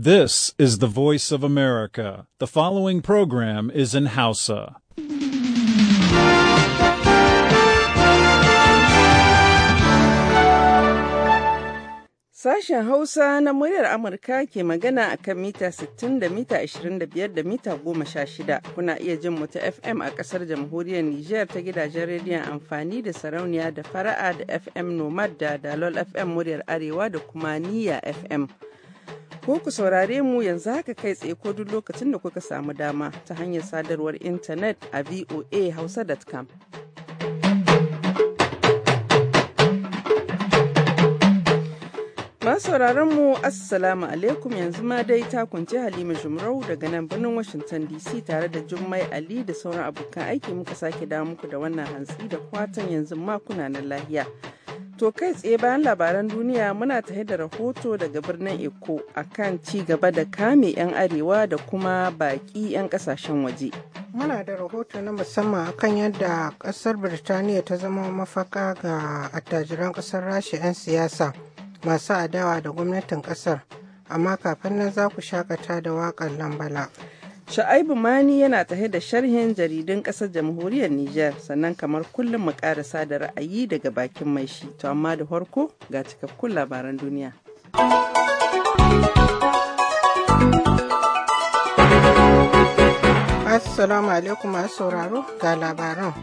This is the voice of America. The following program is in Hausa. Sashen Hausa na muryar Amurka ke magana a kan mita 60 da mita 25 da mita 16. Kuna iya jin mu ta FM a ƙasar jamhuriyar Nijar ta gidajen rediyon amfani da sarauniya da fara'a da FM Nomad da Dalol FM muryar Arewa da kuma Niyya FM. ko ku saurare mu yanzu haka kai tsaye ko duk lokacin da kuka samu dama ta hanyar sadarwar intanet a voahausa.com. sauraron mu assalamu alaikum yanzu ma dai ta kunci halima jumrau daga nan birnin washington dc tare da jummai ali da sauran abokan aiki muka sake damu muku da wannan hantsi da kwatan yanzu ma kuna na lahiya. To kai tsaye bayan labaran duniya muna tahe da rahoto daga birnin Eko akan ci gaba da kame 'yan arewa da kuma baki 'yan kasashen waje. Muna da rahoto na musamman akan yadda kasar Birtaniya ta zama mafaka ga attajiran kasar rashi 'yan siyasa masu adawa da gwamnatin kasar Amma kafin nan za ku shakata da waƙar Lambala. Sha'aibu Mani yana tahe da sharhin jaridun ƙasar jamhuriyar Nijar sannan kamar kullum mu ƙarasa da ra'ayi daga bakin mai shi to amma da farko ga cikakkun labaran duniya. Assalamu alaikum masu sauraro ga labaran.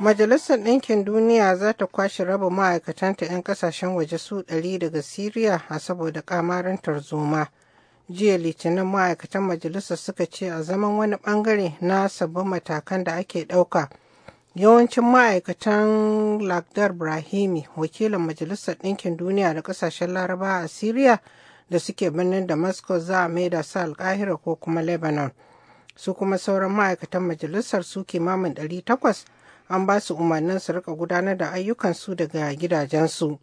Majalisar Ɗinkin Duniya za ta kwashe raba ma'aikatanta 'yan ƙasashen waje su ɗari daga Siriya a saboda ƙamarin tarzoma. jiya litinin ma'aikatan majalisar suka ce a zaman wani bangare na sabbin matakan da ake ɗauka yawancin ma'aikatan lagdar brahimi wakilin majalisar ɗinkin duniya da ƙasashen laraba a syria da suke birnin damascus za a maida su alkahira ko kuma lebanon su kuma sauran ma'aikatan majalisar su kimamin 800 an ba su umarnin su rika gudanar da ayyukansu daga gidajensu.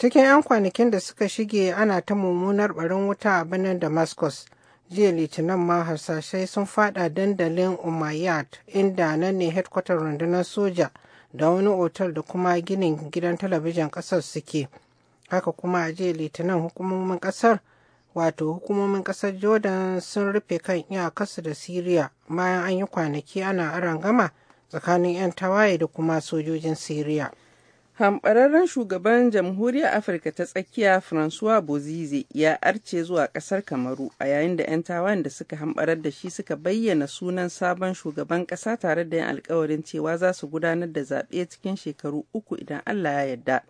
Cikin 'yan kwanakin da suka shige ana ta mummunar barin wuta a birnin Damascus. Jiya Litinin ma harsashai sun fada dandalin Umayyad inda nan ne hedkwatar rundunar soja da wani otal da kuma ginin gidan talabijin kasar suke. Haka kuma a jiya Litinin hukumomin kasar wato hukumomin kasar Jordan sun rufe kan iyakarsu da Siriya bayan an yi kwanaki ana arangama tsakanin 'yan tawaye da kuma sojojin Siriya. hamɓararren shugaban jamhuriyar afirka ta tsakiya francois bozize ya arce zuwa ƙasar kamaru a yayin da 'yan tawayen da suka hamɓarar da shi suka bayyana sunan sabon shugaban ƙasa tare da yin alkawarin cewa za su gudanar da zaɓe cikin shekaru uku idan allah ya yarda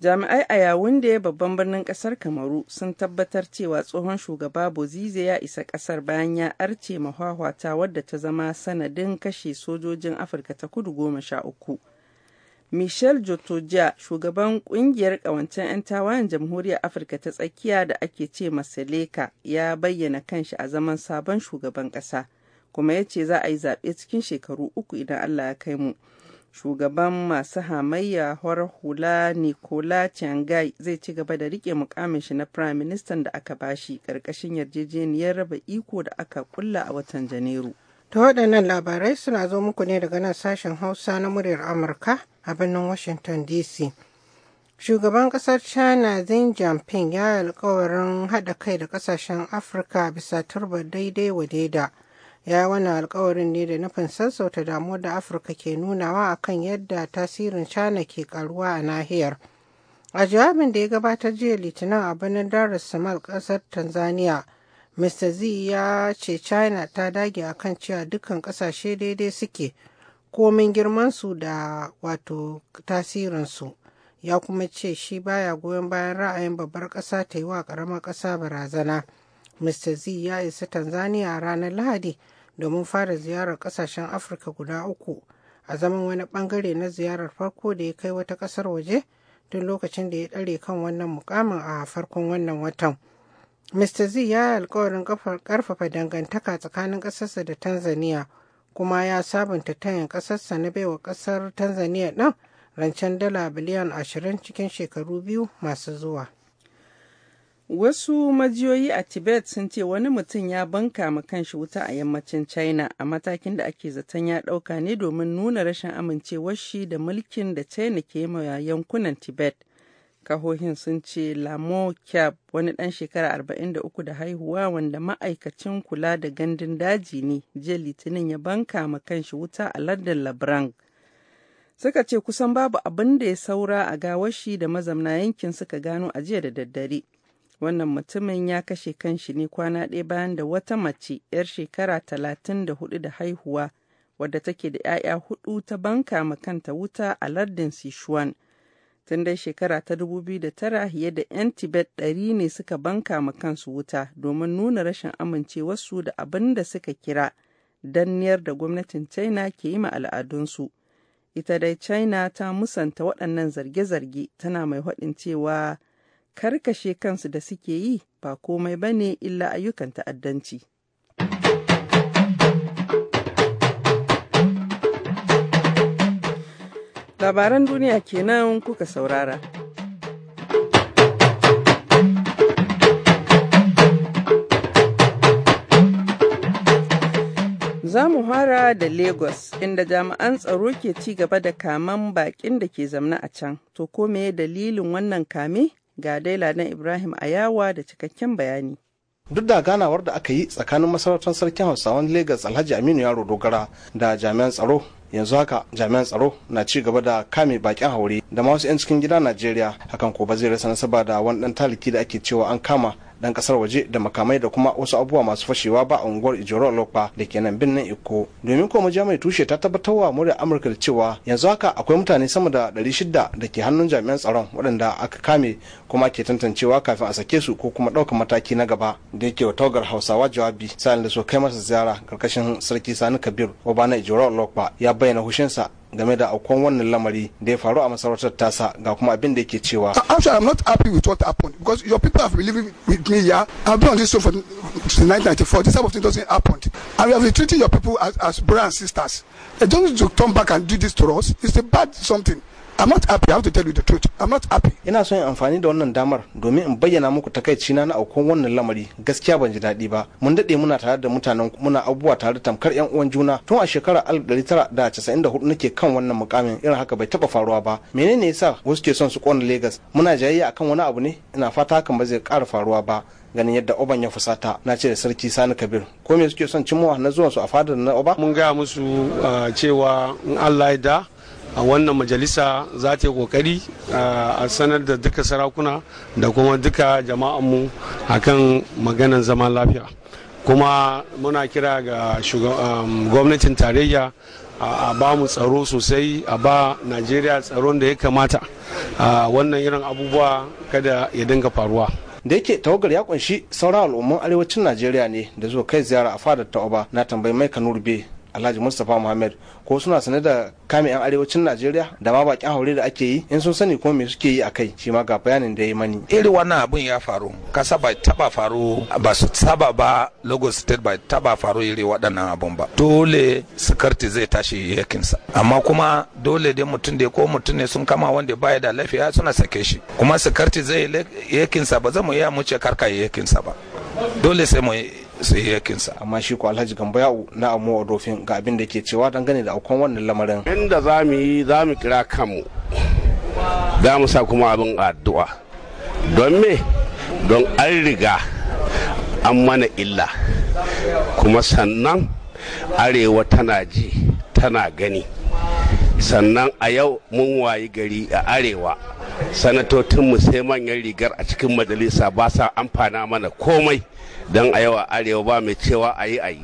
jami'ai a yawun da ya babban birnin ƙasar kamaru sun tabbatar cewa tsohon shugaba bozize ya isa ƙasar bayan ya arce mahwahwata wadda ta zama sanadin kashe sojojin afirka ta kudu goma sha uku Michel Jotoja, shugaban kungiyar kawancen 'yan tawayen jamhuriyar Afirka ta tsakiya da ake ce seleka ya bayyana kanshi a zaman sabon shugaban ƙasa, kuma ya ce za a yi zaɓe cikin shekaru uku idan Allah ya kai mu. Shugaban masu hamayya horar hula Nicola Changai zai ci gaba da rike mukamin shi na Prime Minister da aka bashi ƙarƙashin yarjejeniyar raba iko da aka kulla a watan Janairu. Ta waɗannan labarai suna zo muku ne daga nan sashen Hausa na muryar Amurka. a birnin Washington DC. Shugaban ƙasar China Xi Jinping ya yi alkawarin haɗa kai da ƙasashen Afirka bisa turba daidai wa daida. Ya yi wani alkawarin ne da nufin sassauta damuwar da Afirka ke nunawa akan yadda tasirin China ke karuwa a nahiyar. A jawabin da ya gabatar jiya Litinin a birnin Dar es Salaam ƙasar Tanzania, Mr. Z ya ce China ta dage akan cewa dukkan ƙasashe daidai suke. komin girmansu da wato tasirinsu ya kuma ce shi baya goyon bayan ra'ayin babbar ƙasa ta yi wa ƙaramar ƙasa barazana mr z ya isa tanzania a ranar lahadi domin fara ziyarar ƙasashen afirka guda uku a zaman wani bangare na ziyarar farko da ya kai wata ƙasar waje tun lokacin da ya ɗare kan wannan mukamin a farkon wannan watan mr z ya yi alkawarin ƙarfafa dangantaka tsakanin ƙasarsa da tanzania kuma ya sabunta tayin ƙasarsa na baiwa ƙasar tanzania ɗin rancen dala biliyan 20 cikin shekaru biyu masu zuwa wasu majiyoyi a tibet sun ce wani mutum ya banka ma kanshi wuta a yammacin china a matakin da ake zaton ya ɗauka ne domin nuna rashin amincewar shi da mulkin da china ke ma yankunan tibet kahohin sun ce lamo kyab wani ɗan shekara 43 da haihuwa wanda ma'aikacin kula da gandun daji ne jiya litinin ya banka ma kanshi wuta a lardin labrang suka ce kusan babu abin da ya saura a gawashi da mazamna yankin suka gano a jiya da daddare wannan mutumin ya kashe kanshi ne kwana ɗaya bayan da wata mace 'yar shekara 34 da haihuwa wadda take da 'ya'ya hudu ta banka ma kanta wuta a lardin sichuan tun dai shekara ta 2009 yadda 'yan tibet ɗari ne suka banka ma kansu wuta domin nuna rashin amincewarsu da abin da suka kira danniyar da gwamnatin china ke yi ma al'adunsu ita dai china ta musanta waɗannan zarge-zarge tana mai haɗin cewa karkashe kansu da suke yi ba komai ba ne illa ayyukan ta'addanci Labaran duniya kenan kuka saurara. Za mu fara da Lagos, inda jami'an tsaro ke ci gaba da kaman bakin da ke zamna a can. To kome dalilin wannan kame? Ga dai na Ibrahim Ayawa da cikakken bayani. duk da ganawar da aka yi tsakanin masarautar sarkin hausawan legas alhaji aminu yaro dogara da jami'an tsaro yanzu haka jami'an tsaro na ci gaba da kame bakin haure da ma wasu 'yan cikin gida najeriya hakan ko ba zai rasa nasaba da wani dan taliki da ake cewa an kama dan kasar waje da makamai da kuma wasu abubuwa masu fashewa ba a unguwar ijoro lokpa da kenan nan birnin iko domin kuma jami'ai tushe ta tabbatarwa murya amurka da cewa yanzu haka akwai mutane sama da 600 da ke hannun jami'an tsaron waɗanda aka kame kuma ke tantancewa kafin a sake su ko kuma ɗaukar mataki na gaba da yake wa tawagar hausawa jawabi sa'in da so kai masa ziyara karkashin sarki sani kabir obana ijoro lokpa ya bayyana hushinsa game da aukuwan wannan lamari da ya faru a masarautar tasa ga kuma abin da yake cewa. Actually, I'm not happy with what happened because your people have been living with me here. I've been on this show for since 1994. This type of thing doesn't happen. And we have been treating your people as, as brothers and sisters. They don't need to turn back and do this to us. It's a bad something. I'm not happy. I have to tell you the truth. I'm not happy. Ina son in amfani da wannan damar domin in bayyana muku takaici na na aukon wannan lamari. Gaskiya ban ji daɗi ba. Mun daɗe muna tare da mutanen muna abubuwa tare da tamkar yan uwan juna tun a shekarar 1994 nake kan wannan mukamin irin haka bai taɓa faruwa ba. Menene yasa wasu ke son su kona Legas Muna jayayya akan wani abu ne? Ina fata hakan ba zai ƙara faruwa ba. ganin yadda oban ya fusata na ce da sarki sani kabir ko me suke son cimowa na su a fadar na oba mun gaya musu ah, cewa in allah ya da a wannan majalisa za ta yi kokari a sanar da duka sarakuna da kuma duka jama'anmu a kan maganan zaman lafiya kuma muna kira ga um, gwamnatin tarayya a ba mu tsaro sosai a ba najeriya tsaron da ya kamata a wannan irin abubuwa kada ya dinga faruwa da yake tawagar ya kunshi sauran al'umman arewacin najeriya ne da zuwa kai ziyara a fadar ta'oba na tambayi mai kanurbe alhaji mustapha muhammad ko suna sane da kame yan arewacin najeriya da ma bakin haure da ake yi in sun sani ko me suke yi a kai shi ma ga bayanin da ya mani irin wannan abun ya faru kasa bai taba faru ba su saba ba lagos state bai taba faru iri waɗannan abun ba dole sikarti zai tashi yakinsa amma kuma dole dai mutum da ko mutum ne sun kama wanda baya da lafiya suna sake shi kuma sikarti zai yakinsa ba zamu mu iya mu ce karka yakinsa ba dole sai mu sai amma shi ko alhaji yau na a dofin ga abin da ke cewa dangane da aukon wannan lamarin inda za mu yi za mu kira kanmu za mu sa kuma abin addu'a don me don an riga an mana illa kuma sannan arewa tana ji tana gani sannan a yau mun wayi gari a arewa sanatocinmu sai manyan rigar a cikin majalisa ba sa amfana mana komai don a yawa arewa ba mai cewa a yi a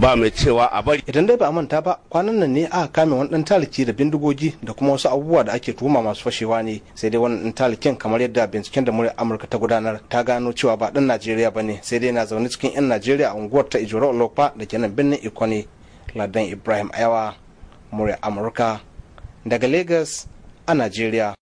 ba mai cewa a bari. Idan dai ba a manta ba kwanan nan ne aka kame wani ɗan taliki da bindigogi da kuma wasu abubuwa da ake tuhuma masu fashewa ne sai dai wani dan talikin kamar yadda binciken da muryar Amurka ta gudanar ta gano cewa ba ɗan Najeriya ba ne sai dai na zaune cikin 'yan Najeriya a unguwar ta Ijoro Olokpa da ke nan birnin Ikone Ladan Ibrahim Ayawa muryar Amurka daga Lagos a Najeriya.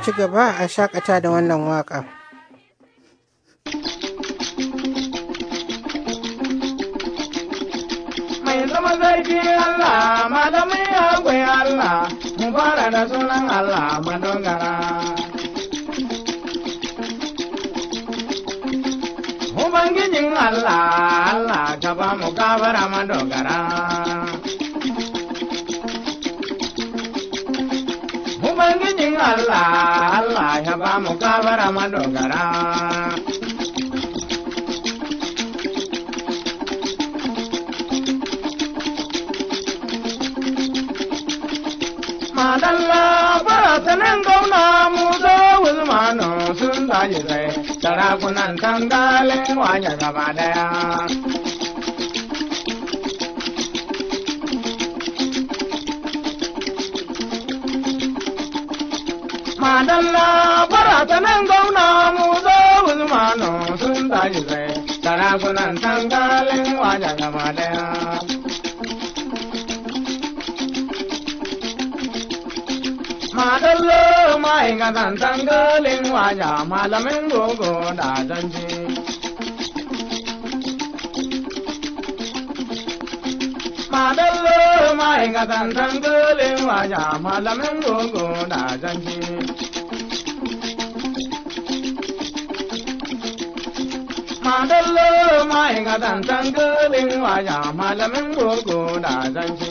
ci gaba a shakata da wannan waƙa. Mai zama zargi Allah, malamin yagwai Allah, mu fara da sunan Allah madogara. Ubangijin Allah, Allah ka ba mu kabara madogara. Allah Allah ya ba mu gabara madogara Madalla farasanin gauna mu zo wuzmanu sun daji zai sarakunan tangalin wanya gaba daya. madalla baratanen gauna mu zo usmanu sun tashi sai sarakunan tangalin wajen gama daya madalla ma'aikatan tangalin waja malamin gogo da zanci madalla ma'aikatan tangalin waja malamin gogo da zanci madalla ma ga dan tan waya malamin boko da zanci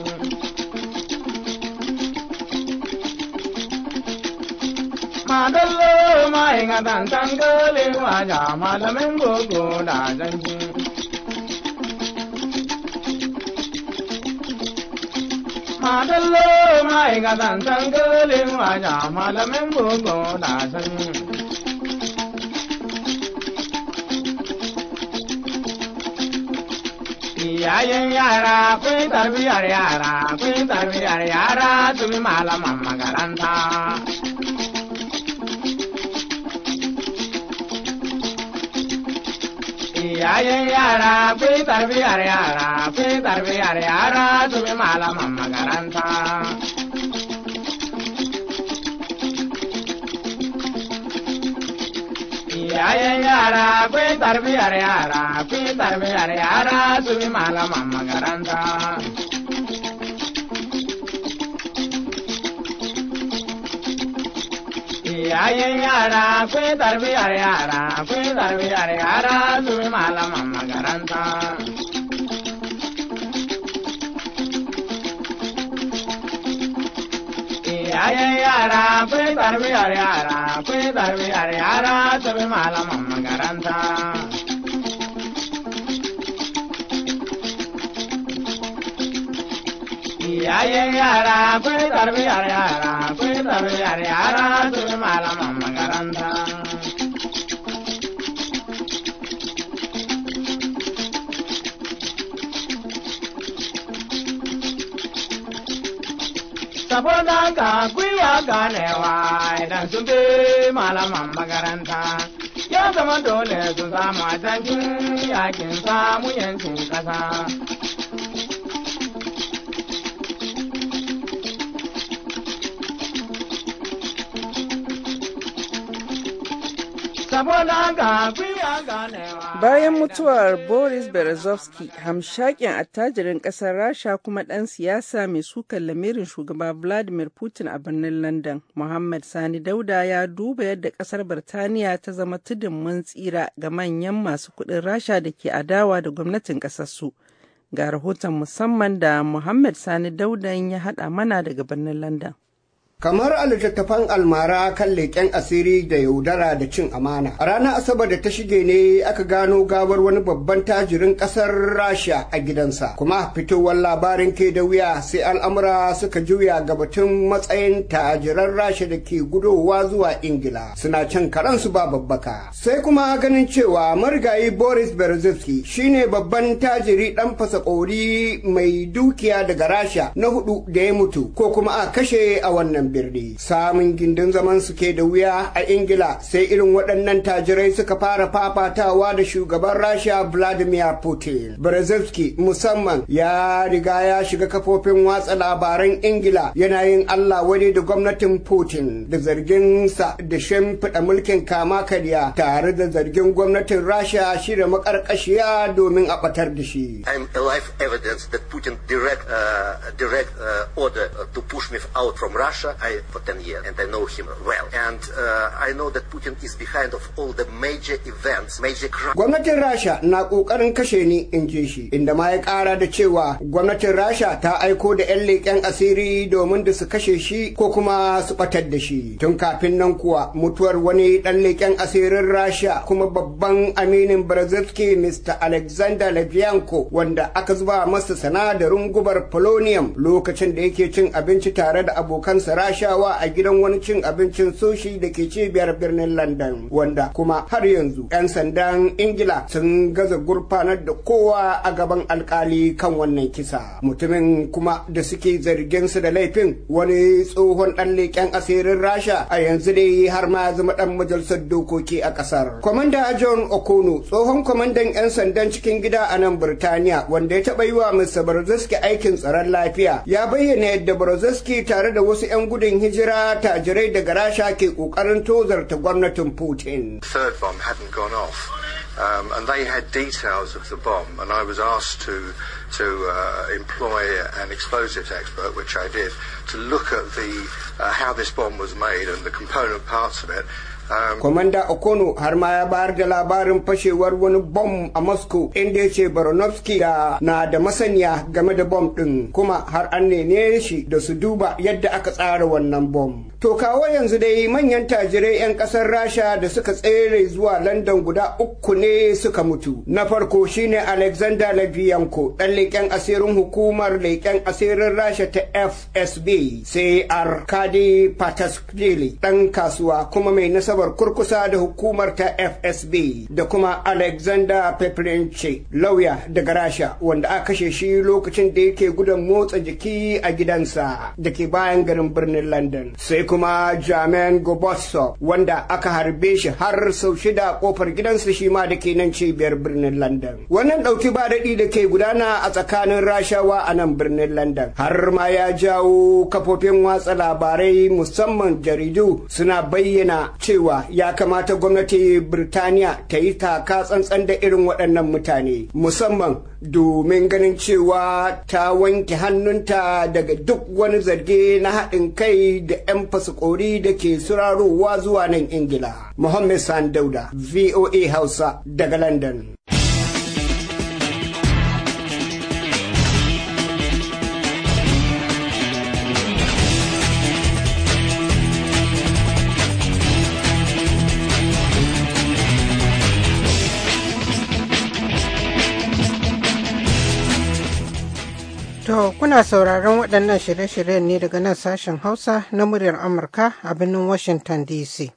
madalla ma ga dan tan waya malamin boko da zanci madalla ma ga dan tan waya malamin boko da zanci yayin yara kun tarbiyar yara kun tarbiyar yara tuni malaman makaranta yayin yara kun tarbiyar yara kun tarbiyar yara tuni malaman makaranta yayin yara akwai tarbiyar yara akwai tarbiyar yara su bi malaman makaranta yayin yara akwai tarbiyar yara akwai tarbiyar yara su mala mamá garanta అయ్య రాపి తరవి అరియారా పి తరవి అరియారా తవి మాలమమ్మ గరంతా అయ్యారా పి తరవి అరియారా పి తరవి అరియారా తవి మాలమమ్మ గరంతా Saboda ka gwiwa wa. idan sun bi malaman makaranta. Ya zama dole su samu atakin yakin samu yancin kasa. Saboda ga gwiwa ganewa. Bayan mutuwar Boris Berezovsky, hamshakin attajirin ƙasar Rasha kuma ɗan siyasa mai sukan lamirin shugaba Vladimir Putin a birnin London, Muhammad Sani Dauda ya duba yadda ƙasar Birtaniya ta zama tudun mun tsira ga manyan masu kuɗin Rasha da ke adawa da gwamnatin ƙasarsu. Ga rahoton musamman da Muhammad Sani dauda ya haɗa mana daga birnin London. kamar a littattafan almara kan leƙen asiri da yaudara da cin amana a ranar asabar da ta shige ne aka gano gawar wani babban tajirin ƙasar rasha a gidansa kuma fitowar labarin ke da wuya sai al'amura suka juya ga batun matsayin tajiran rasha da ke gudowa zuwa ingila suna cin karansu ba babbaka sai kuma ganin cewa marigayi boris berezovsky shine babban tajiri ɗan fasa mai dukiya daga rasha na hudu da ya mutu ko kuma a kashe a wannan birni samun gindin zaman suke da wuya a ingila sai irin waɗannan tajirai suka fara fafatawa da shugaban rasha vladimir putin brzezinski musamman ya riga ya shiga kafofin watsa labaran ingila yana yin allah wani da gwamnatin putin da zarginsa da shimfiɗa mulkin kama karya tare da zargin gwamnatin rasha shirya makarƙashiya domin a batar da shi direct, uh, direct uh, order to push me out from Russia I, for 10 years, and I know him well. And uh, I know that Putin is behind of all the major events, major crimes. Gwamnatin Rasha na ƙoƙarin kashe ni in ji shi, inda ma ya ƙara da cewa gwamnatin Rasha ta aiko da 'yan leƙen asiri domin da su kashe shi ko kuma su ɓatar da shi. Tun kafin nan kuwa mutuwar wani ɗan leƙen asirin Rasha kuma babban aminin Brzezinski Mr. Alexander Levyanko wanda aka zuba masa sanadarin gubar polonium lokacin da yake cin abinci tare da abokansa shawa a gidan wani cin abincin sushi da ke cibiyar birnin london wanda kuma har yanzu 'yan sandan ingila sun gaza gurfanar da kowa a gaban alkali kan wannan kisa mutumin kuma da suke zargin su da laifin wani tsohon dan leƙen asirin rasha a yanzu dai har ma zama dan majalisar dokoki a kasar kwamanda john okono tsohon kwamandan 'yan sandan cikin gida a nan birtaniya wanda ya taɓa yi wa mr barzaski aikin tsaron lafiya ya bayyana yadda barzaski tare da wasu 'yan gudun hijira daga rasha ke kokarin tozarta gwamnatin putin third bomb hadn't gone off Um, and they had details of the bomb, and I was asked to to uh, employ an explosives expert, which I did, to look at the uh, how this bomb was made and the component parts of it, Kwamanda um, Okono har ma ya bayar da labarin fashewar wani bom a Moscow inda ya ce Baronovsky da na da masaniya game da bom ɗin kuma har an nene shi da su duba yadda aka tsara wannan bom. To kawo yanzu dai manyan tajirai 'yan kasar Rasha da suka tsere zuwa London guda uku ne suka mutu. Na farko shine Alexander Lavianko ɗan leƙen asirin hukumar leƙen asirin Rasha ta FSB sai Arkady Pataskili ɗan kasuwa kuma mai nasaba asabar kurkusa da hukumar ta fsb da kuma alexander peprinche lauya daga rasha wanda aka kashe shi lokacin da yake gudan motsa jiki a gidansa da ke bayan garin birnin london sai kuma jamen gobosso wanda aka harbe shi har sau shida kofar gidansa shi ma da ke nan cibiyar birnin london wannan ɗauki ba daɗi da ke gudana a tsakanin rashawa a nan birnin london har ma ya jawo kafofin watsa labarai musamman jaridu suna bayyana cewa cewa ya kamata gwamnati Birtaniya ta yi taka tsantsan da irin waɗannan mutane musamman domin ganin cewa ta wanke hannunta daga duk wani zarge na haɗin kai da 'yan fasikori da ke surarowa zuwa nan Ingila. sani Sandauda, VOA Hausa daga London. kuna sauraron waɗannan shirye-shiryen ne daga nan sashen Hausa na muryar Amurka a birnin Washington DC.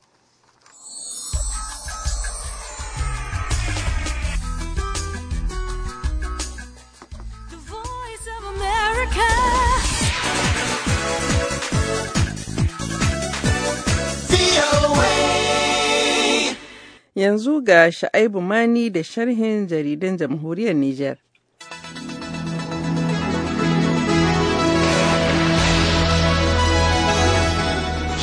Yanzu ga Sha'aibu Mani da sharhin jaridan jamhuriyar Nijar.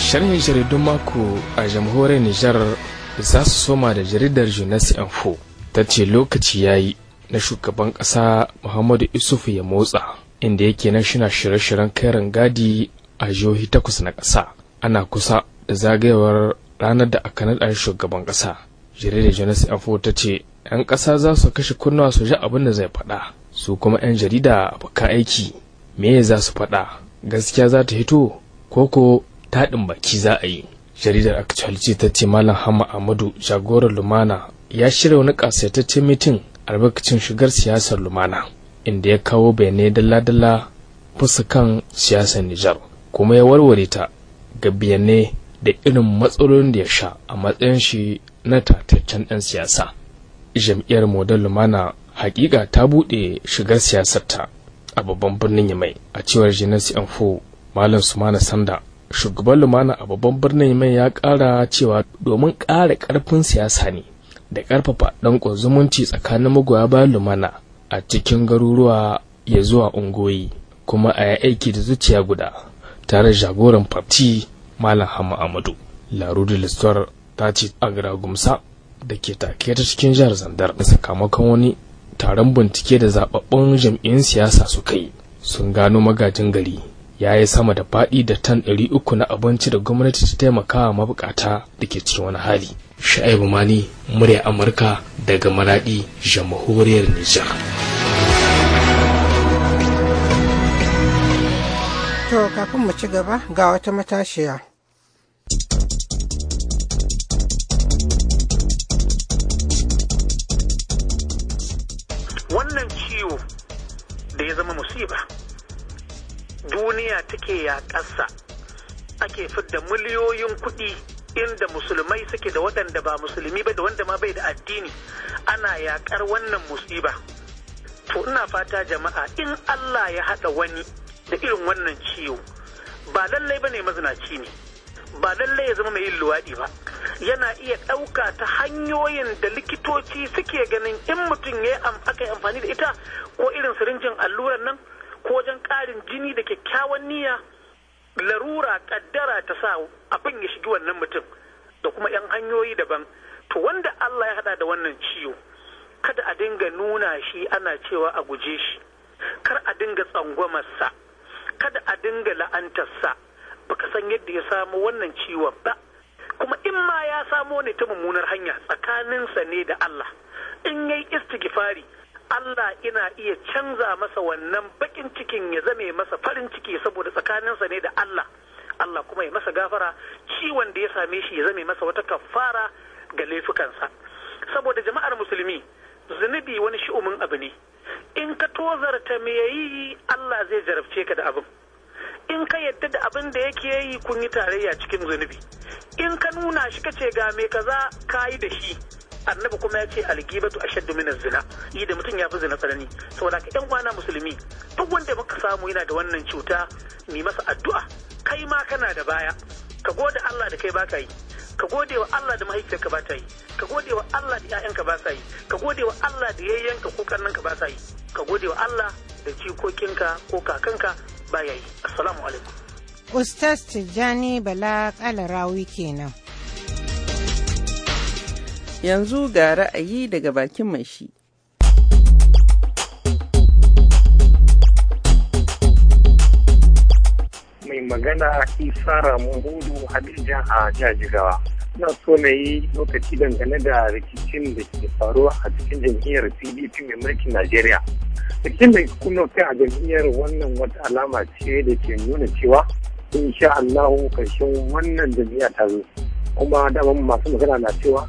sharhin jaridun mako a jamhuriyar nijar za su soma da jaridar jeunesse info ta ce lokaci ya yi na shugaban ƙasa muhammadu isufu ya motsa inda yake nan shina shirye-shiryen kai gadi a jihohi takwas na ƙasa ana kusa da zagayewar ranar da aka naɗa shugaban ƙasa jaridar jeunesse info ta ce 'yan ƙasa za su kashe kunnuwa su ji abin da zai faɗa su kuma 'yan jarida baka aiki me za su faɗa gaskiya za ta hito koko taɗin baki za a yi jaridar actuality ta ce malam hama amadu jagorar lumana ya shirya wani ƙasaitaccen mitin albarkacin shigar siyasar lumana inda ya kawo bayanai dalla-dalla fusa kan siyasar nijar kuma ya warware ta ga bayanai da irin matsalolin da ya sha a matsayin shi na tataccen ɗan siyasa jam'iyyar model lumana hakika ta buɗe shigar siyasarta a babban birnin yamai a cewar jinesi anfo malam sumana sanda shugaban lumana a babban birnin mai ya kara cewa domin kara karfin siyasa ne da karfafa dan zumunci tsakanin magoya ba lumana a cikin garuruwa ya zuwa ungoyi kuma a aiki da zuciya guda tare jagoran Farti malam hama amadu larudu listor ta ce agra gumsa da ke take ta cikin jihar zandar sakamakon wani taron bincike da zababbun jam'iyyun siyasa suka yi sun gano magajin gari ya yi sama da faɗi da tan ɗari uku na abinci da gwamnati ta taimaka wa mabukata da ke cikin wani hali. Sha'ibu Mani, murya Amurka daga Maraɗi, Jamhuriyar Nijar. To, kafin mu ci gaba ga wata matashiya. Wannan ciwo da ya zama musiba. duniya take yaƙarsa ake fidda miliyoyin kuɗi inda musulmai suke da waɗanda ba musulmi ba da wanda ma bai da addini ana yaƙar wannan musiba to ina fata jama'a in Allah ya haɗa wani da irin wannan ciwo ba lallai ne mazinaci ne ba lallai ya zama mai yin luwaɗi ba yana iya ɗauka ta hanyoyin da likitoci suke ganin in mutum ya aka yi amfani da ita ko irin sirinjin allurar nan ko wajen ƙarin jini da kyakkyawan niyya larura ƙaddara ta sa abin ya shigi wannan mutum da kuma 'yan hanyoyi daban to wanda Allah ya haɗa da wannan ciwo kada a dinga nuna shi ana cewa a guje shi kar a dinga tsangwamarsa kada a dinga la'antarsa baka san yadda ya samu wannan ciwon ba kuma in ma ya samo ne ta mummunar hanya tsakaninsa ne da Allah in yayi istighfari Allah ina iya canza masa wannan bakin cikin ya zame masa farin ciki saboda tsakaninsa ne da Allah Allah kuma ya masa gafara ciwon da ya same shi ya zame masa wata kafara ga laifukansa saboda jama'ar musulmi zunubi wani shi'umin abu ne in ka tozarta me yayi Allah zai jarabce ka da abin in ka yadda da abin da yake yi kun yi tarayya cikin zunubi in ka nuna shi ka ce ga me kaza ka yi da shi annabi kuma ya ce algibatu ashaddu min zina yi da mutum ya fi zina tsanani saboda ka yan kwana musulmi duk wanda muka samu yana da wannan cuta mi masa addu'a kai ma kana da baya ka gode Allah da kai baka yi ka gode wa Allah da mahaifiyarka ba ta yi ka gode wa Allah da 'ya'yanka ba sa yi ka gode wa Allah da yayyanka ko kannanka ba sa yi ka gode wa Allah da jikokinka ko kakanka bayayi assalamu alaikum ustaz tijjani bala kalarawi kenan yanzu ga ra'ayi daga bakin mai shi mai magana isa ramun hudu hadin a jajigawa ina so na yi lokaci dangane da rikicin da ke faruwa a cikin jam'iyyar pdp mai mulkin najeriya rikicin da kuma kai a jam'iyyar wannan wata alama ce da ke nuna cewa insha allahu karshen wannan jam'iyya ta zo kuma dama masu magana na cewa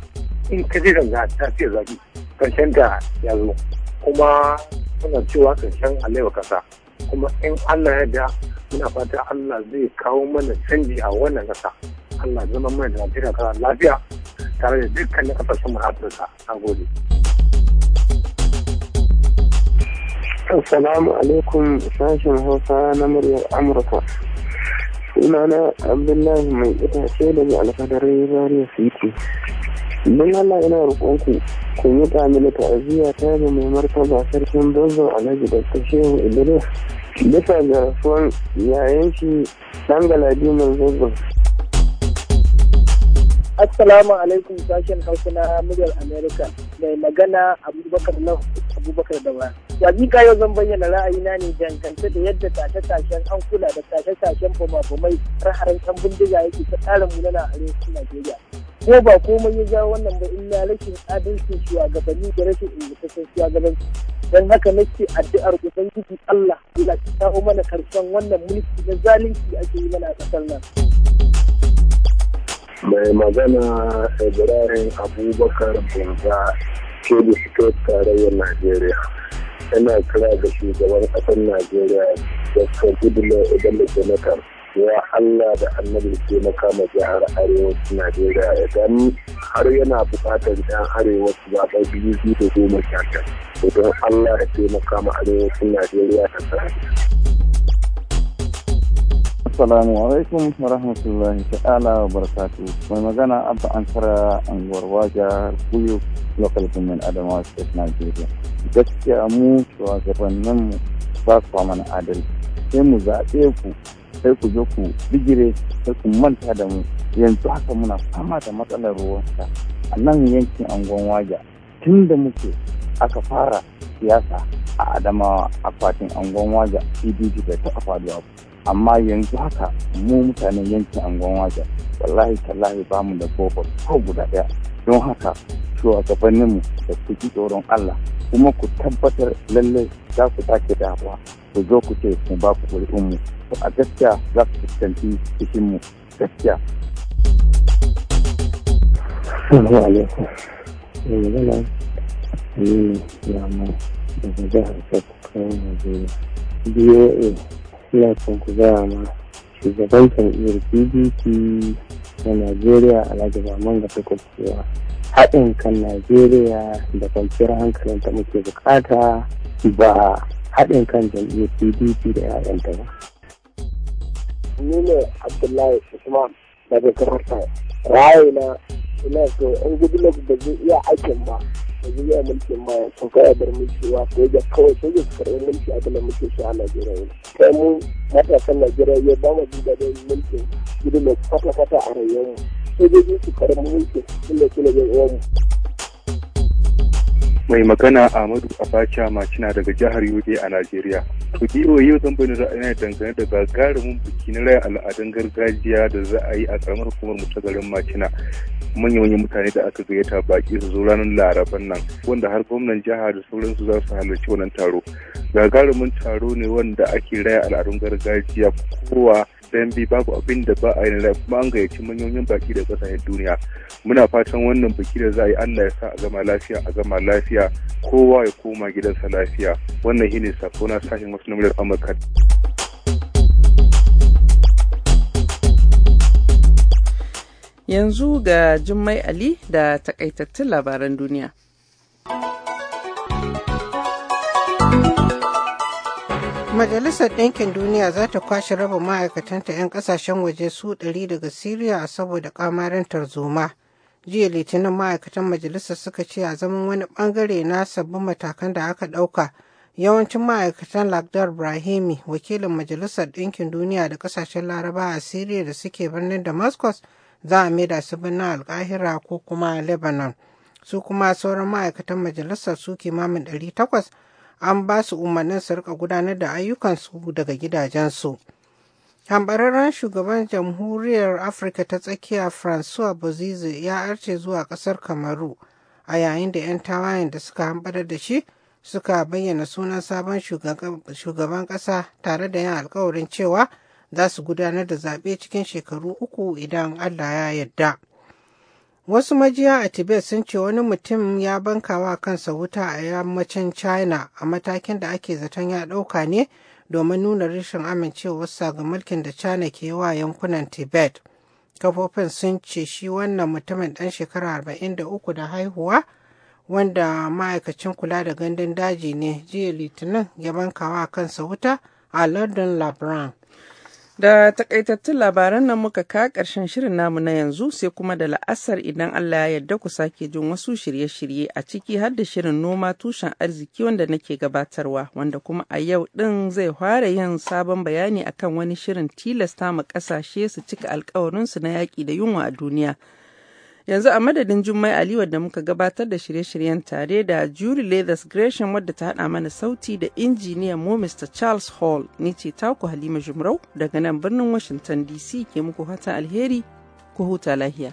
in ka ji ganga ta fiye zaɓi karshen ta ya zo kuma suna cewa karshen alewa kasa kuma in allah ya da muna fata allah zai kawo mana canji a wannan kasa Allah zama mai da Najeriya tana lafiya tare da dukkanin kasashen mu Afirka. Na gode. Assalamu alaikum sashen Hausa na muryar Amurka. Sunana Abdullahi mai itace da mai alfadarai Zaria City. Don Allah ina roƙonku ku yi ta ta'aziyya ta ga mai martaba sarkin Bozo Alhaji da Shehu Idris bisa ga rasuwan yayan shi ɗan galadi mai zazzau. Assalamu alaikum sashen Hausa na muryar Amerika mai magana Abubakar na Abubakar da ba. Wazika yau zan bayyana ra'ayina ne dangance da yadda tashe-tashen an kula da tashe-tashen bama-bamai har harin kan bindiga yake ta tsarin munana a arewacin Najeriya. Ko ba komai ya jawo wannan ba illa rashin adalcin shugabanni da rashin ingantaccen shugabanci. Don haka nake addu'ar kusan Allah Allah ta kawo mana karshen wannan mulki na zalunci ake yi mana a ƙasar nan. mai magana ibrahim abubakar bunza ke da suke tarayyar najeriya yana kira da shugaban ƙasar najeriya dr goodluck ebele jonathan ya allah da annabi ke makama jihar arewacin najeriya idan har yana buƙatar yan arewacin zaɓen biyu biyu da goma sha idan allah ya taimaka ma arewacin najeriya ta sarari Assalamu alaikum wa rahmatullahi ta'ala wa barakatu. Mai magana Abba Ankara anguwar Waja Kuyo Local Government Adamawa State Nigeria. Gaskiya mu shugabannin mu ba su mana adalci. Sai mu zaɓe ku sai ku zo ku bigire sai ku manta da mu yanzu haka muna fama da matsalar ruwan sa a nan yankin angon waja tun da muke aka fara siyasa a adamawa akwatin angon waja pdg bai taɓa faduwa ba amma yanzu haka mu mutanen yankin angon wajen wallahi tallahi ba mu da bobo ko guda ɗaya don haka gabaninmu da ku ji tsoron Allah kuma ku tabbatar lallai za ku take damuwa ku zo ku ce mu ba ku ƙuri'unmu to a gaskiya za ku fuskanci cikinmu gaskiya. Salamu alaikum. Mai daga jihar BOA ina son ku gaya ma shugaban jam'iyyar pdp na najeriya a manga ga cewa haɗin kan najeriya da kwanciyar hankalin ta muke bukata ba haɗin kan jam'iyyar pdp da 'ya'yanta ba ni ne abdullahi usman daga kamar ra'ayi na ina so in gudunar da zai iya aikin ba yanzu ya mulki ma to ga a bar mulki wa soja kawai sai su karɓi mulki abin da muke shi a Najeriya Kai mu matasan Najeriya ya ba mu jin daɗin mulkin gudu mai kwata-kwata a Sai Sojoji su karɓi mulki inda su ne mu. mai magana Ahmadu Abacha Macina daga jihar Yobe a Najeriya. Ku biyo yau zan bayyana ra'ayina dangane da gagarumin biki na raya al'adun gargajiya da za a yi a karamar hukumar mu ta garin Macina. manya-manyan mutane da aka gayyata baki su zo ranar laraban nan wanda har gwamnan jiha da sauransu za su halarci wannan taro gagarumin taro ne wanda ake raya al'adun gargajiya kowa dambe babu abin da ba a yi na kuma an gayyaci manyan baki da kasashen duniya muna fatan wannan biki da za a yi allah ya sa a gama lafiya a gama lafiya kowa ya koma gidansa lafiya wannan shine sako na sashen wasu namurar amurka Yanzu ga Jummai Ali da takaitattun labaran duniya. Majalisar Ɗinkin Duniya za ta kwashe raba ma'aikatanta 'yan ƙasashen waje su ɗari daga Siriya saboda ƙamarin tarzoma. Jiya Litinin ma'aikatan majalisar suka ce a zaman wani bangare na sabbin matakan da aka ɗauka. Yawancin ma'aikatan Lagdar Brahimi, wakilin Majalisar Ɗinkin Duniya da ƙasashen Laraba a Siriya da suke birnin Damascus, za a maida su birnin alkahira ko kuma lebanon su kuma sauran ma'aikatan majalisar su kimamin 800 an ba su umarnin su rika gudanar da ayyukansu daga gidajensu tambararren shugaban jamhuriyar afirka ta tsakiya francois bozize ya arce zuwa kasar kamaru a yayin da 'yan tawayen da suka hambarar da shi suka bayyana sunan sabon shugaban kasa tare da yin alkawarin cewa za su gudanar da zaɓe cikin shekaru uku idan Allah ya yarda. Wasu majiya a Tibet sun ce wani mutum ya bankawa kansa wuta a yammacin China a matakin da ake zaton ya ɗauka ne domin nuna rashin amincewarsa ga mulkin da China ke wa yankunan Tibet. Kafofin sun ce shi wannan mutumin ɗan shekara 43 da haihuwa wanda ma'aikacin kula da gandun daji ne jiya litinin ya bankawa kansa wuta a London Labran. Da takaitattun labaran nan muka ka ƙarshen shirin namu na yanzu sai kuma da la'asar idan Allah ya yarda ku sake jin wasu shirye-shirye a ciki har da shirin noma tushen arziki wanda nake gabatarwa wanda kuma a yau ɗin zai fara yin sabon bayani akan wani shirin tilasta ma ƙasashe su cika alkawarinsu na yaƙi da yunwa a duniya. yanzu a madadin jummai ali wadda muka gabatar da shirye-shiryen tare da julie leathers gresham wadda ta hada mana sauti da injiniyan mu mr charles hall ni ce taku halima jumrau daga nan birnin washington dc ke muku fatan alheri ku huta lahiya